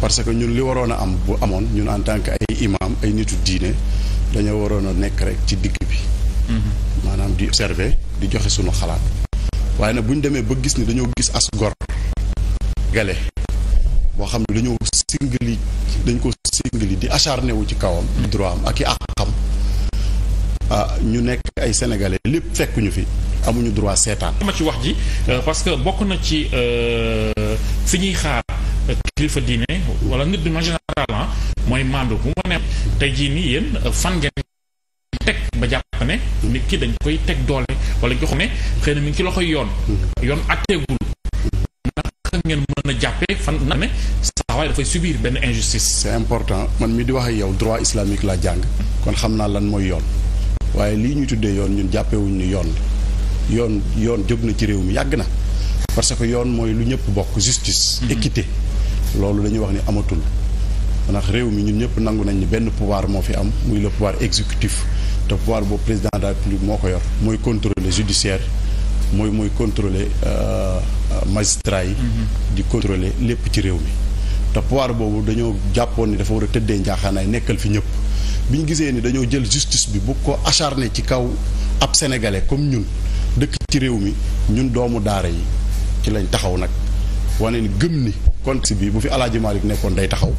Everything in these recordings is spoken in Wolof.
parce que ñun li waroon a am bu amoon ñun en tant que ay imam ay nitu diine dañoo waroon a nekk rek ci digg bi mhm. maanaam di observer di joxe sunu xalaat waaye nag buñ demee ba gis ni dañoo gis as gor gale boo xam ne dañoo singli dañ ko singli di acharné wu ci kawam mhm. droit am ak i àqam ah, ñu nekk ay sénégalais lépp fekkuñu fi amuñu droit seetaan ma ci wax ji euh, parce que bokk na ci euh, fi ñuy xaar kilifa diine wala nit du ma généralement ah, mooy mandu bu ma ne tey jii nii yéen fan ngeen teg ba jàpp ne nit ki dañ koy teg doole wala jox ne xëy na mi ngi ci loxoy yoon yoon atteegul naka ngeen mën a jàppee fan na ne saawaay dafay subiir benn injustice c'est important man mi di wax ak yow droit islamique laa jàng kon xam naa lan mooy yoon waaye lii ñuy tuddee yoon ñun jàppewuñ ni yoon la yoon yoon jóg na ci réew mi yàgg na parce que yoon mooy lu ñëpp bokk justice mm-hmm. équité loolu dañuy wax ni amatul ndax réew mi ñun ñëpp nangu nañ ni benn pouvoir moo fi am muy le pouvoir exécutif te pouvoir boobu président de la République moo ko yor mooy contrôler judiciaire mooy mooy contrôler euh, magistrat yi mm-hmm. di contrôler lépp ci réew mi te pouvoir boobu dañoo jàppoon ni dafa war a tëddee njaaxaanaay nekkal fi ñëpp bi ñu gisee ni dañoo jël justice bi bu ko acharné ci kaw ab sénégalais comme ñun dëkk ci réew mi ñun doomu daara yi ci lañ taxaw nag wane ni ni contexte bii bu fi alaaji Malick nekkoon day taxaw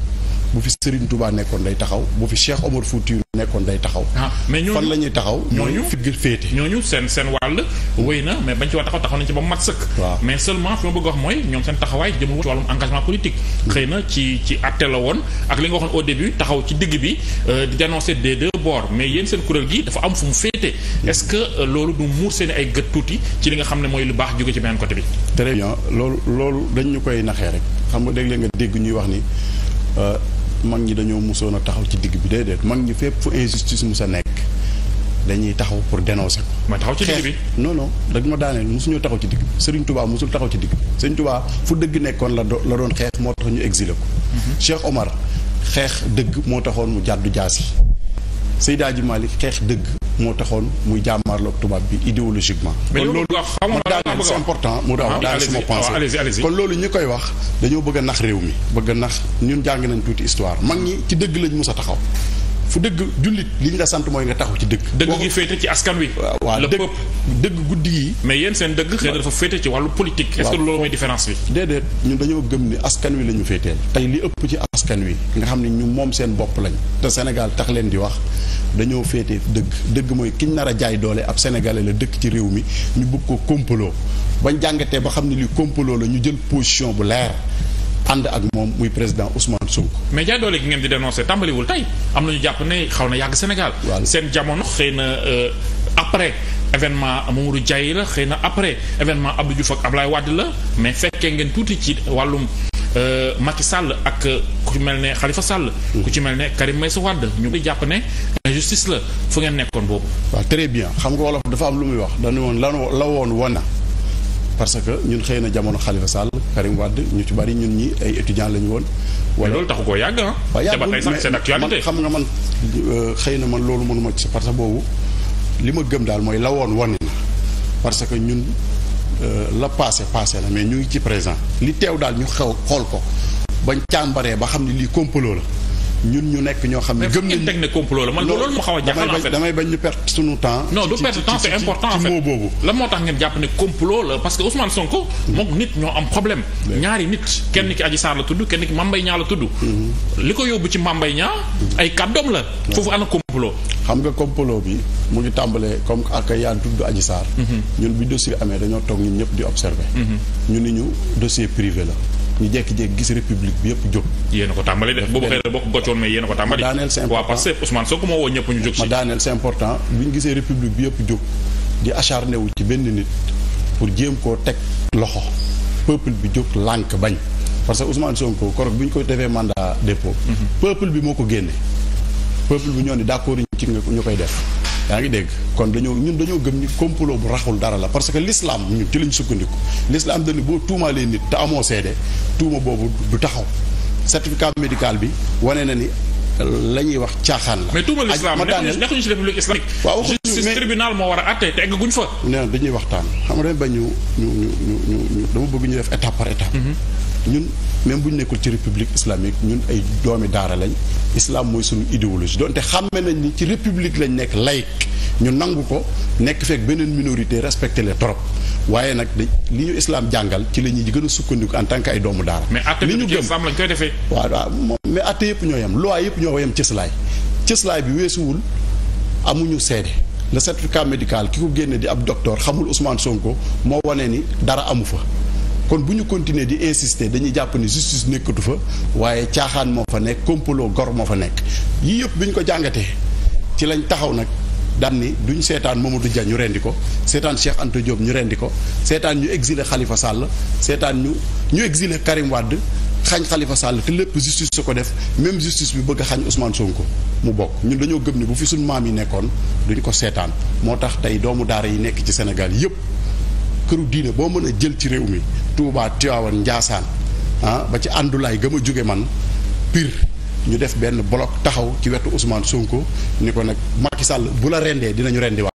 bu fi Serigne Touba nekkoon day taxaw bu fi Cheikh Omar Foutiyou nekkoon day taxaw. Ah, mais ñooñu fan la ñuy taxaw. ñooñu fi féete ñooñu seen seen wàll. wéy na mais bañ ci war taxaw taxaw nañ ci ba mat sëkk. waaw mais seulement fi ma bëgg wax mooy ñoom seen taxawaay jëmul ci wàllum hmm. na ci ci àtte la woon ak li nga waxoon taxaw ci digg bi euh, di dénoncer des deux bords mais yéen seen kuréel gi dafa am fu mu féete. Hmm. est-ce que euh, loolu du muur seen ay gët tuuti ci li nga xam ne mooy lu baax jóge ci beneen côté bi. très bien loolu loolu dañ ñu koy naxee rek xam nga dégg nga dégg ñuy wax ni euh, mag ñi dañoo musoon a taxaw ci digg bi déedéet mag ñi fépp fu injustice mu sa nekk dañuy taxaw pour dénoncer ko. ma taxaw ci digg bi non non rek ma daaneel mosuñoo taxaw ci digg bi Serigne Touba mosul taxaw ci digg bi Serigne Touba fu dëgg nekkoon la la doon xeex moo tax ñu exilé ko. Mhm. Cheikh Omar xeex dëgg moo taxoon mu jàddu jaas yi. Seydi Hadji Malick xeex dëgg moo taxoon muy jàmmaarloog tubaab bi idéologiquement. mais loolu mu daaneel c'est important mu daaneel ah, sama pensée ah, kon loolu ñi koy wax dañoo bëgg a nax réew mi bëgg a nax ñun jàng nañ tuuti histoire mag ñi ci dëgg lañ mus a taxaw fu dëgg jullit li ñu la sant mooy nga taxaw ci dëgg. dëgg gi féete ci askan wi. waaw dëgg dëgg guddi yi. mais yéen seen dëgg. xëy na féete ci wàllu politique. est loolu mooy différence bi. déedéet ñun dañoo gëm ni askan wi la ñu féeteel. tey li ëpp ci askan wi nga xam ne ñu moom seen bopp lañ. te Sénégal tax leen di wax dañoo féete dëgg dëgg mooy kiñ nar a jaay doole ab sénégalais la dëkk ci réew mi ñu bëgg ko kompaloo bañ jàngatee ba xam ne li kompaloo la ñu jël position bu leer ànd ak moom muy président Ousmane Sonko. mais jaay doole gi ngeen di dénoncer tàmbaliwul tey am na ñu jàpp ne xaw na yàgg Sénégal. seen jamono xëy na euh, après événement Mamadou Diaye la xëy na après événement Abdou Diouf ak Ablaye Wade la mais fekkee ngeen tuuti ci wàllum. Euh, Macky Sall ak ku ci mel ne xalifa sàll mm-hmm. ku ci mel ne Karim su Wade ñu ngi jàpp ne injustice la fu ngeen nekkoon boobu. waa très bien xam nga wolof dafa am lu muy wax dañu woon la woon wana parce que ñun xëy na jamono Khalifa Sall Karim Wade ñu ci bari ñun ñi ay étudiants la ñu woon. wala loolu taxu koo yàgg ah. waaw yàggul mais xam nga man euh, xëy na man loolu mënuma ci parce que boobu li ma gëm daal mooy la woon wane na parce que ñun euh, la passé passé la mais ñu ngi ci présent. li teew daal ñu xew xool ko bañ càmbaree ba xam ne lii complot la. ñun ñu nekk ñoo xam ne. gëm nañu teg ne complot la man loolu moo xaw a jaaxal en fait damay bañ ñu perte suñu temps. non du perte temps c'est important en fait boobu. la moo tax ngeen jàpp ne complot la parce que Ousmane Sonko. Mm-hmm. moom nit ñoo am problème. ñaari nit kenn ki Adji Sarr la tudd kenn ki Mame la tudd. Mm-hmm. li ko yóbbu ci Mame Mbaye Niang. Mm-hmm. ay kàddoom la. foofu ana complot. xam nga complot bi mu ngi tàmbalee comme ak yaa tudd Adji Sarr. ñun bi dossier amee dañoo toog ñun ñëpp ñu ni ñu dossier privé la. ñu jékki-jékki gis république bi yëpp jóg. yéen a ko tàmbali de boobu xëy na bokk goccoon mais yéen a ko tàmbali. ma daaneel c'est important waaw parce que Ousmane Sonko moo woo ñëpp ñu jóg si. ma daaneel bi ñu gisee république ci benn nit pour jéem koo teg loxo peuple bi jóg lànk bañ parce que Ousmane Sonko korog bi ñu ko defee mandat dépôt. Mhm. peuple bi moo ko génne. peuple bi ñoo ni d'accord ñu ci nga ñu koy def. yaa ngi dégg kon dañoo ñun dañoo gëm ni complot bu raxul dara la parce que lislaam ñun ci lañ sukkandiku l'islam dañu boo tuumaalee nit te amoo seede tuuma boobu du taxaw certificat médical bi wane na ni la ñuy wax caaxaan la. mais tuuma l'islam nekkuñu ci république islamique. waaw justice tribunal moo war a àtte te egguñ fa. non dañuy waxtaan xam nga dama bañ ñu ñu ñu ñu dama bëgg ñu def étape par étape. Mm-hmm. ñun même bu ñu nekkul ci république islamique ñun ay doomi daara lañ islaam mooy suñu idéologie donte xàmme nañ ni ci république lañ nekk laïque ñu nangu ko nekk fekk beneen minorité respecté les trop waaye nag dañ li ñu islam jàngal ci la ñuy gën a sukkandiku en tant que ay doomu daara. li ñu gëm waaw waaw mais atte yëpp ñoo yem loi yëpp ñoo yem cëslaay cëslaay bi weesuwul amuñu seede le certificat médicale ki ko génne di ab docteur xamul Ousmane Sonko moo wane ni dara amu fa. kon bu ñu continuer di insister dañuy jàpp ni justice nekkatu fa waaye caaxaan moo fa nekk complot gor moo fa nekk yii yëpp bi ñu ko jàngatee ci lañ taxaw nag daan ni duñ seetaan Mamadou jaar ñu rendi ko seetaan Cheikh Anta Diop ñu rendi ko seetaan ñu exilé Khalifa Sall seetaan ñu ñu exilé Karim wadd xañ xalifa Sall te lépp justice su ko def même justice bi bëgg a xañ Ousmane Sonko mu bokk ñun dañoo gëm ni bu fi suñ maam yi nekkoon duñ ko seetaan moo tax tey doomu daara yi nekk ci Sénégal yëpp këru diine boo mën a jël ci réew mi Touba Tivaouane Ndiassane ah ba ci àndulaay gëm a jóge man pire ñu def benn bloc taxaw ci wetu Ousmane Sonko ni ko nag Macky Sall bu la rendee dinañu rendi waat